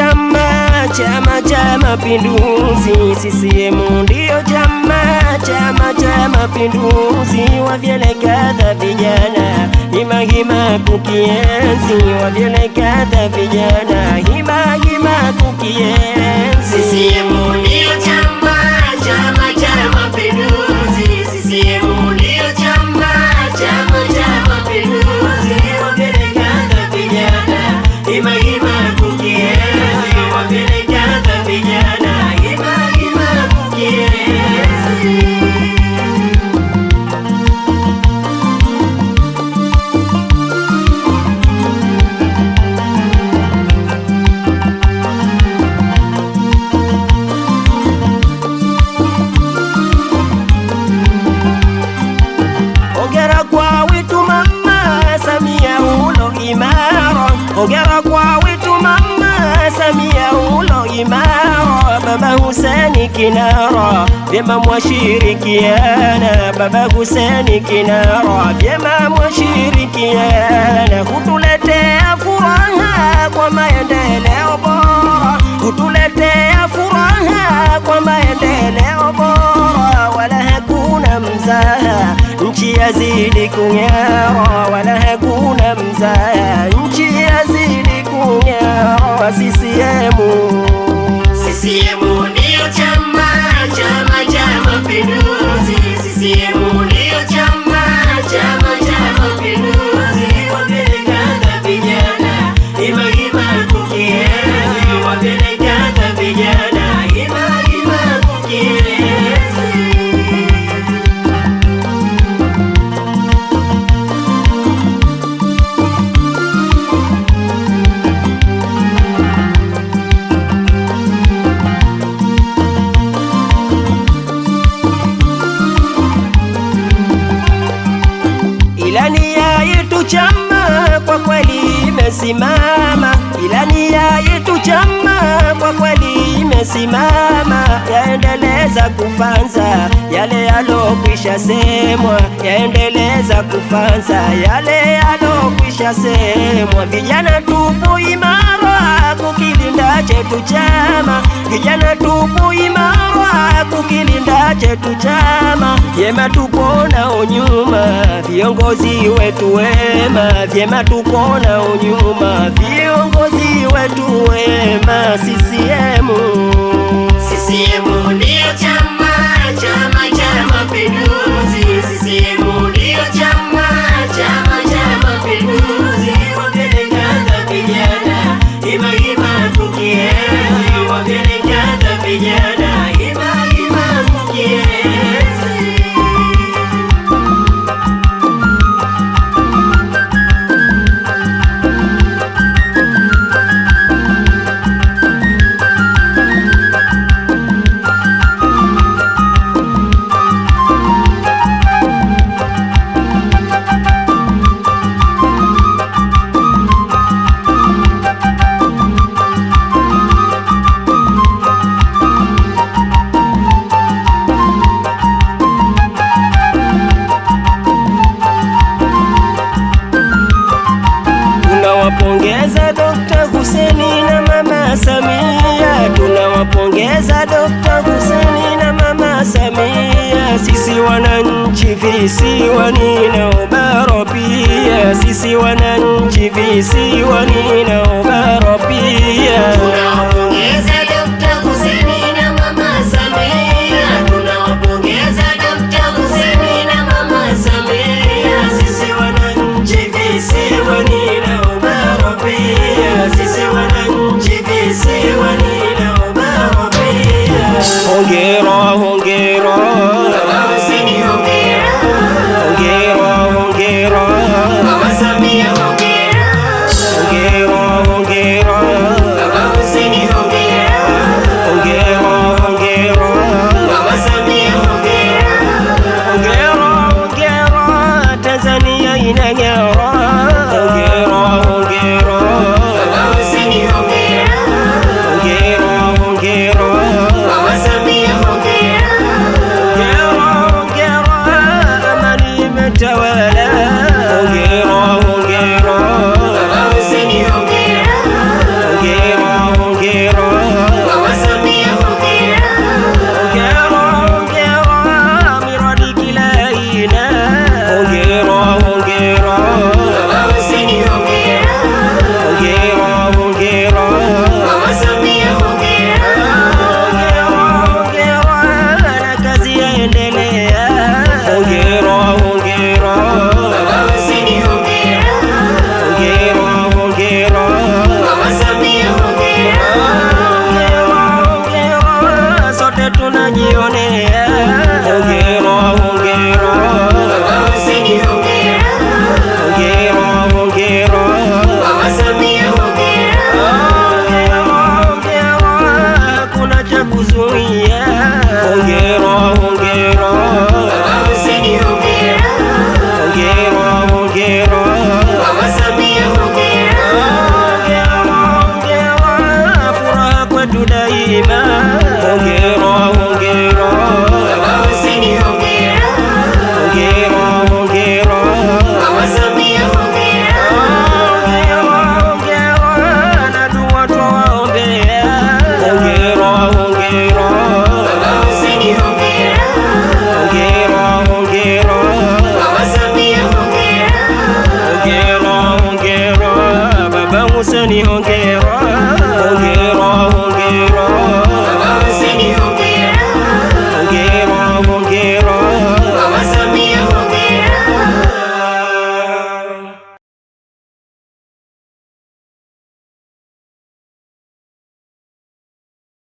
chama, chama cha mapinduzi, CCM ndio chama, chama cha mapinduzi, wavyelekadha vijana hima hima kukienzi, wavyelekadha vijana hima hima kukienzi, CCM ndio chama wetu Mama Samia ulo imara, Baba Huseni kinara, vyema mwashirikiana. Baba Huseni kinara, vyema mwashirikiana, kutuletea furaha kwa maendeleo bora, kutuletea furaha kwa maendeleo bora, wala hakuna mzaha, nchi yazidi kung'ara, wala hakuna mzaha красиво. imesimama, ilani ya itu chama kwa kweli imesimama, yaendeleza kufanza yale yalokwisha semwa, yaendeleza kufanza yale yalokwisha semwa. Vijana tupo imara kukilinda chetu chama, vijana tupo imara kukilinda chetu chama vyema, tukona nyuma viongozi wetu wema, vyema tukona nyuma viongozi wetu wema. CCM CCM ndio chama, chama cha mapinduzi. CCM ndio chama, chama cha mapinduzi. vijana vijana yes. Tunawapongeza Dokta Hussein na Mama Samia, sisi wananchi visiwani na Ubaro pia, sisi wananchi visiwani na Ubaro